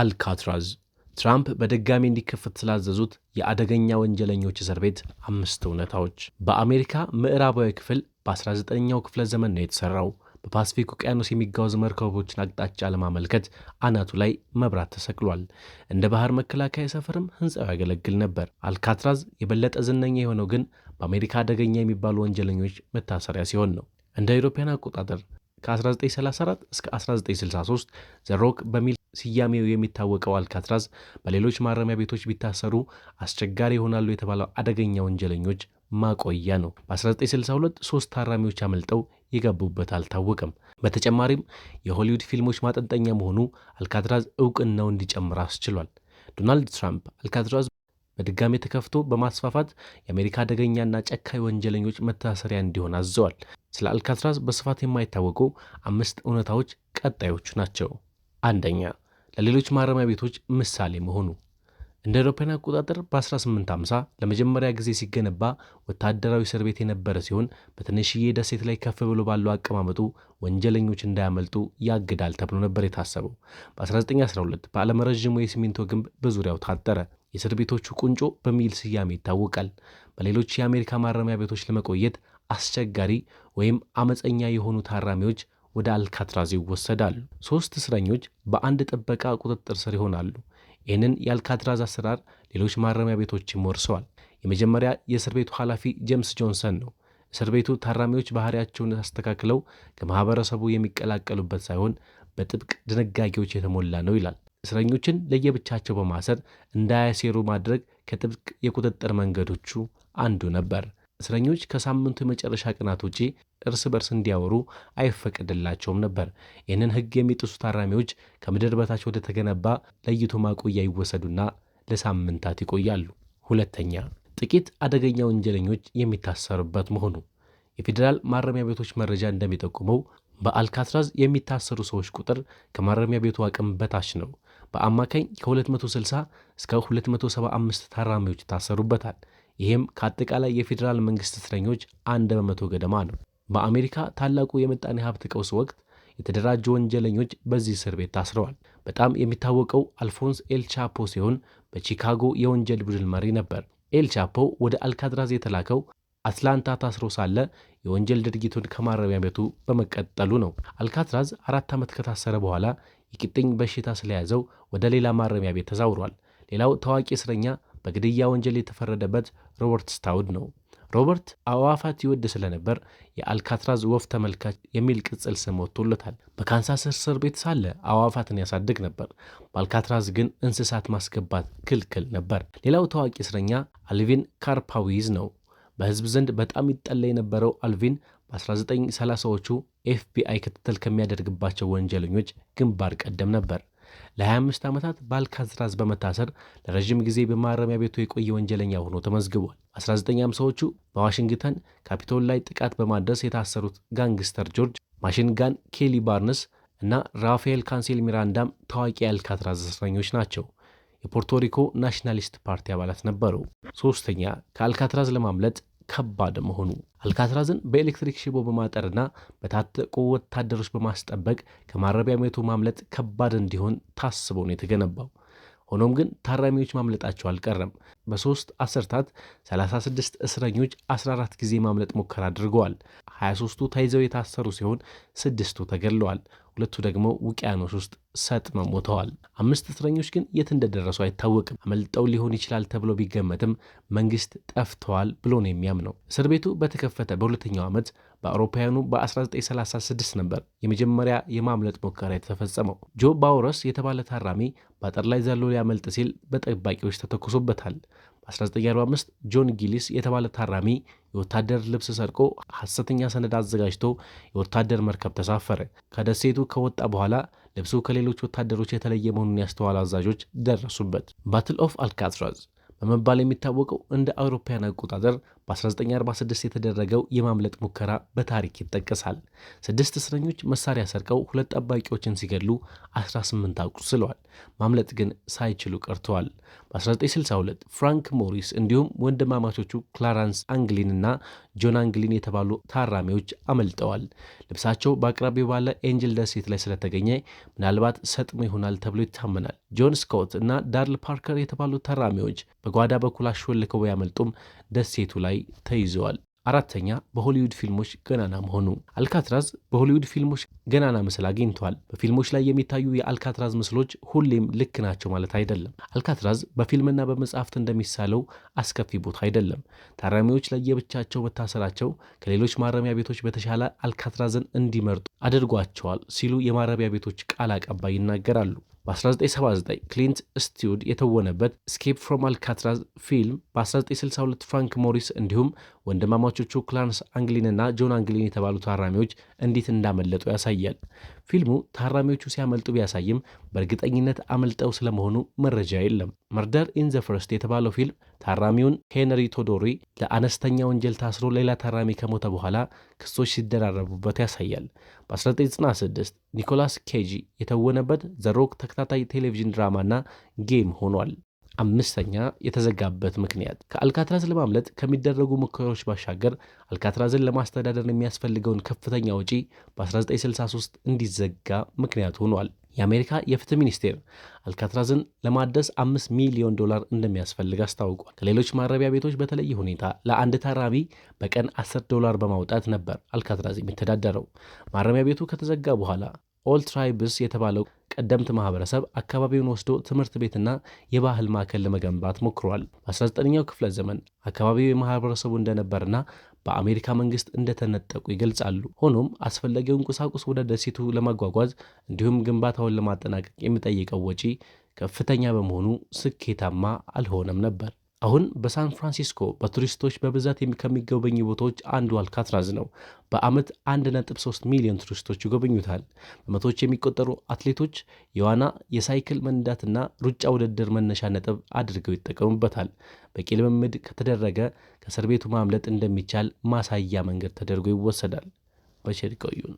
አልካትራዝ ትራምፕ በድጋሚ እንዲከፈት ስላዘዙት የአደገኛ ወንጀለኞች እስር ቤት አምስት እውነታዎች። በአሜሪካ ምዕራባዊ ክፍል በ19ኛው ክፍለ ዘመን ነው የተሠራው። በፓስፊክ ውቅያኖስ የሚጓዙ መርከቦችን አቅጣጫ ለማመልከት አናቱ ላይ መብራት ተሰቅሏል። እንደ ባህር መከላከያ ሰፈርም ሕንፃው ያገለግል ነበር። አልካትራዝ የበለጠ ዝነኛ የሆነው ግን በአሜሪካ አደገኛ የሚባሉ ወንጀለኞች መታሰሪያ ሲሆን ነው። እንደ አውሮፓውያን አቆጣጠር ከ1934 እስከ 1963 ዘሮክ በሚል ስያሜው የሚታወቀው አልካትራዝ በሌሎች ማረሚያ ቤቶች ቢታሰሩ አስቸጋሪ ይሆናሉ የተባለው አደገኛ ወንጀለኞች ማቆያ ነው። በ1962 ሶስት ታራሚዎች አመልጠው የገቡበት አልታወቀም። በተጨማሪም የሆሊውድ ፊልሞች ማጠንጠኛ መሆኑ አልካትራዝ እውቅናው እንዲጨምር አስችሏል። ዶናልድ ትራምፕ አልካትራዝ በድጋሚ ተከፍቶ በማስፋፋት የአሜሪካ አደገኛና ጨካኝ ወንጀለኞች መታሰሪያ እንዲሆን አዘዋል። ስለ አልካትራዝ በስፋት የማይታወቁ አምስት እውነታዎች ቀጣዮቹ ናቸው። አንደኛ፣ ለሌሎች ማረሚያ ቤቶች ምሳሌ መሆኑ እንደ አውሮፓውያን አቆጣጠር በ1850 ለመጀመሪያ ጊዜ ሲገነባ ወታደራዊ እስር ቤት የነበረ ሲሆን በትንሽዬ ደሴት ላይ ከፍ ብሎ ባለው አቀማመጡ ወንጀለኞች እንዳያመልጡ ያግዳል ተብሎ ነበር የታሰበው። በ1912 በዓለም ረዥሙ የሲሚንቶ ግንብ በዙሪያው ታጠረ። የእስር ቤቶቹ ቁንጮ በሚል ስያሜ ይታወቃል። በሌሎች የአሜሪካ ማረሚያ ቤቶች ለመቆየት አስቸጋሪ ወይም አመፀኛ የሆኑ ታራሚዎች ወደ አልካትራዝ ይወሰዳሉ። ሦስት እስረኞች በአንድ ጥበቃ ቁጥጥር ስር ይሆናሉ። ይህንን የአልካትራዝ አሰራር ሌሎች ማረሚያ ቤቶችም ወርሰዋል። የመጀመሪያ የእስር ቤቱ ኃላፊ ጄምስ ጆንሰን ነው። እስር ቤቱ ታራሚዎች ባህሪያቸውን አስተካክለው ከማኅበረሰቡ የሚቀላቀሉበት ሳይሆን በጥብቅ ድንጋጌዎች የተሞላ ነው ይላል። እስረኞችን ለየብቻቸው በማሰር እንዳያሴሩ ማድረግ ከጥብቅ የቁጥጥር መንገዶቹ አንዱ ነበር። እስረኞች ከሳምንቱ የመጨረሻ ቀናት ውጪ እርስ በርስ እንዲያወሩ አይፈቀድላቸውም ነበር። ይህንን ሕግ የሚጥሱ ታራሚዎች ከምድር በታች ወደ ተገነባ ለይቶ ማቆያ ይወሰዱና ለሳምንታት ይቆያሉ። ሁለተኛ፣ ጥቂት አደገኛ ወንጀለኞች የሚታሰሩበት መሆኑ። የፌዴራል ማረሚያ ቤቶች መረጃ እንደሚጠቁመው በአልካትራዝ የሚታሰሩ ሰዎች ቁጥር ከማረሚያ ቤቱ አቅም በታች ነው። በአማካኝ ከ260 እስከ 275 ታራሚዎች ይታሰሩበታል። ይህም ከአጠቃላይ የፌዴራል መንግስት እስረኞች አንድ በመቶ ገደማ ነው። በአሜሪካ ታላቁ የምጣኔ ሀብት ቀውስ ወቅት የተደራጁ ወንጀለኞች በዚህ እስር ቤት ታስረዋል። በጣም የሚታወቀው አልፎንስ ኤልቻፖ ሲሆን በቺካጎ የወንጀል ቡድን መሪ ነበር። ኤልቻፖ ወደ አልካትራዝ የተላከው አትላንታ ታስሮ ሳለ የወንጀል ድርጊቱን ከማረሚያ ቤቱ በመቀጠሉ ነው። አልካትራዝ አራት ዓመት ከታሰረ በኋላ የቂጥኝ በሽታ ስለያዘው ወደ ሌላ ማረሚያ ቤት ተዛውሯል። ሌላው ታዋቂ እስረኛ በግድያ ወንጀል የተፈረደበት ሮበርት ስታውድ ነው። ሮበርት አዕዋፋት ይወድ ስለነበር የአልካትራዝ ወፍ ተመልካች የሚል ቅጽል ስም ወጥቶለታል። በካንሳስ እስር ቤት ሳለ አዕዋፋትን ያሳድግ ነበር። በአልካትራዝ ግን እንስሳት ማስገባት ክልክል ነበር። ሌላው ታዋቂ እስረኛ አልቪን ካርፓዊዝ ነው። በህዝብ ዘንድ በጣም ይጠላ የነበረው አልቪን በ1930ዎቹ ኤፍቢአይ ክትትል ከሚያደርግባቸው ወንጀለኞች ግንባር ቀደም ነበር። ለ25 ዓመታት በአልካዝራዝ በመታሰር ለረዥም ጊዜ በማረሚያ ቤቱ የቆየ ወንጀለኛ ሆኖ ተመዝግቧል። 1950ዎቹ በዋሽንግተን ካፒቶል ላይ ጥቃት በማድረስ የታሰሩት ጋንግስተር ጆርጅ ማሽንጋን ኬሊ ባርነስ እና ራፋኤል ካንሴል ሚራንዳም ታዋቂ የአልካትራዝ እስረኞች ናቸው። የፖርቶሪኮ ናሽናሊስት ፓርቲ አባላት ነበሩ። ሶስተኛ ከአልካትራዝ ለማምለጥ ከባድ መሆኑ አልካትራዝን በኤሌክትሪክ ሽቦ በማጠርና በታጠቁ ወታደሮች በማስጠበቅ ከማረቢያ ቤቱ ማምለጥ ከባድ እንዲሆን ታስቦ ነው የተገነባው። ሆኖም ግን ታራሚዎች ማምለጣቸው አልቀረም። በሶስት አስርታት 36 እስረኞች 14 ጊዜ ማምለጥ ሙከራ አድርገዋል። 23ቱ ተይዘው የታሰሩ ሲሆን ስድስቱ ተገድለዋል። ሁለቱ ደግሞ ውቅያኖስ ውስጥ ሰጥመው ሞተዋል። አምስት እስረኞች ግን የት እንደደረሱ አይታወቅም። አመልጠው ሊሆን ይችላል ተብሎ ቢገመትም መንግስት ጠፍተዋል ብሎ ነው የሚያምነው። እስር ቤቱ በተከፈተ በሁለተኛው ዓመት በአውሮፓውያኑ በ1936 ነበር የመጀመሪያ የማምለጥ ሙከራ የተፈጸመው። ጆ ባውረስ የተባለ ታራሚ በአጥር ላይ ዘሎ ሊያመልጥ ሲል በጠባቂዎች ተተኩሶበታል። 1945 ጆን ጊሊስ የተባለ ታራሚ የወታደር ልብስ ሰርቆ ሐሰተኛ ሰነድ አዘጋጅቶ የወታደር መርከብ ተሳፈረ። ከደሴቱ ከወጣ በኋላ ልብሱ ከሌሎች ወታደሮች የተለየ መሆኑን ያስተዋሉ አዛዦች ደረሱበት። ባትል ኦፍ አልካትራዝ በመባል የሚታወቀው እንደ አውሮፓውያን አቆጣጠር በ1946 የተደረገው የማምለጥ ሙከራ በታሪክ ይጠቀሳል። ስድስት እስረኞች መሳሪያ ሰርቀው ሁለት ጠባቂዎችን ሲገድሉ 18 አቁስለዋል። ማምለጥ ግን ሳይችሉ ቀርተዋል። በ1962 ፍራንክ ሞሪስ እንዲሁም ወንድማማቾቹ ክላራንስ አንግሊን እና ጆን አንግሊን የተባሉ ታራሚዎች አመልጠዋል። ልብሳቸው በአቅራቢው ባለ ኤንጅል ደሴት ላይ ስለተገኘ ምናልባት ሰጥሞ ይሆናል ተብሎ ይታመናል። ጆን ስኮት እና ዳርል ፓርከር የተባሉ ታራሚዎች በጓዳ በኩል አሾልከው ያመልጡም ደሴቱ ላይ ላይ ተይዘዋል። አራተኛ በሆሊውድ ፊልሞች ገናና መሆኑ። አልካትራዝ በሆሊውድ ፊልሞች ገናና ምስል አግኝቷል። በፊልሞች ላይ የሚታዩ የአልካትራዝ ምስሎች ሁሌም ልክ ናቸው ማለት አይደለም። አልካትራዝ በፊልምና በመጽሐፍት እንደሚሳለው አስከፊ ቦታ አይደለም። ታራሚዎች ለየብቻቸው መታሰራቸው ከሌሎች ማረሚያ ቤቶች በተሻለ አልካትራዝን እንዲመርጡ አድርጓቸዋል ሲሉ የማረሚያ ቤቶች ቃል አቀባይ ይናገራሉ። በ1979 ክሊንት ስቲውድ የተወነበት ስኬፕ ፍሮም አልካትራዝ ፊልም በ1962 ፍራንክ ሞሪስ እንዲሁም ወንድማማቾቹ ክላንስ አንግሊንና ጆን አንግሊን የተባሉ ታራሚዎች እንዴት እንዳመለጡ ያሳያል። ፊልሙ ታራሚዎቹ ሲያመልጡ ቢያሳይም በእርግጠኝነት አመልጠው ስለመሆኑ መረጃ የለም። መርደር ኢን ዘ ፈርስት የተባለው ፊልም ታራሚውን ሄነሪ ቶዶሪ ለአነስተኛ ወንጀል ታስሮ ሌላ ታራሚ ከሞተ በኋላ ክሶች ሲደራረቡበት ያሳያል። በ1996 ኒኮላስ ኬጂ የተወነበት ዘሮክ ተከታታይ ቴሌቪዥን ድራማና ጌም ሆኗል። አምስተኛ የተዘጋበት ምክንያት ከአልካትራዝ ለማምለጥ ከሚደረጉ ሙከራዎች ባሻገር አልካትራዝን ለማስተዳደር የሚያስፈልገውን ከፍተኛ ወጪ በ1963 እንዲዘጋ ምክንያት ሆኗል። የአሜሪካ የፍትህ ሚኒስቴር አልካትራዝን ለማደስ አምስት ሚሊዮን ዶላር እንደሚያስፈልግ አስታውቋል። ከሌሎች ማረቢያ ቤቶች በተለየ ሁኔታ ለአንድ ታራሚ በቀን 10 ዶላር በማውጣት ነበር አልካትራዝ የሚተዳደረው። ማረሚያ ቤቱ ከተዘጋ በኋላ ኦልትራይብስ የተባለው ቀደምት ማህበረሰብ አካባቢውን ወስዶ ትምህርት ቤትና የባህል ማዕከል ለመገንባት ሞክሯል። በ19ኛው ክፍለ ዘመን አካባቢው የማህበረሰቡ እንደነበርና በአሜሪካ መንግስት እንደተነጠቁ ይገልጻሉ። ሆኖም አስፈላጊውን ቁሳቁስ ወደ ደሴቱ ለማጓጓዝ እንዲሁም ግንባታውን ለማጠናቀቅ የሚጠይቀው ወጪ ከፍተኛ በመሆኑ ስኬታማ አልሆነም ነበር። አሁን በሳን ፍራንሲስኮ በቱሪስቶች በብዛት ከሚጎበኙ ቦታዎች አንዱ አልካትራዝ ነው። በዓመት 1.3 ሚሊዮን ቱሪስቶች ይጎበኙታል። በመቶዎች የሚቆጠሩ አትሌቶች የዋና፣ የሳይክል መንዳትና ሩጫ ውድድር መነሻ ነጥብ አድርገው ይጠቀሙበታል። በቂ ልምምድ ከተደረገ ከእስር ቤቱ ማምለጥ እንደሚቻል ማሳያ መንገድ ተደርጎ ይወሰዳል። በቸር ይቆዩን።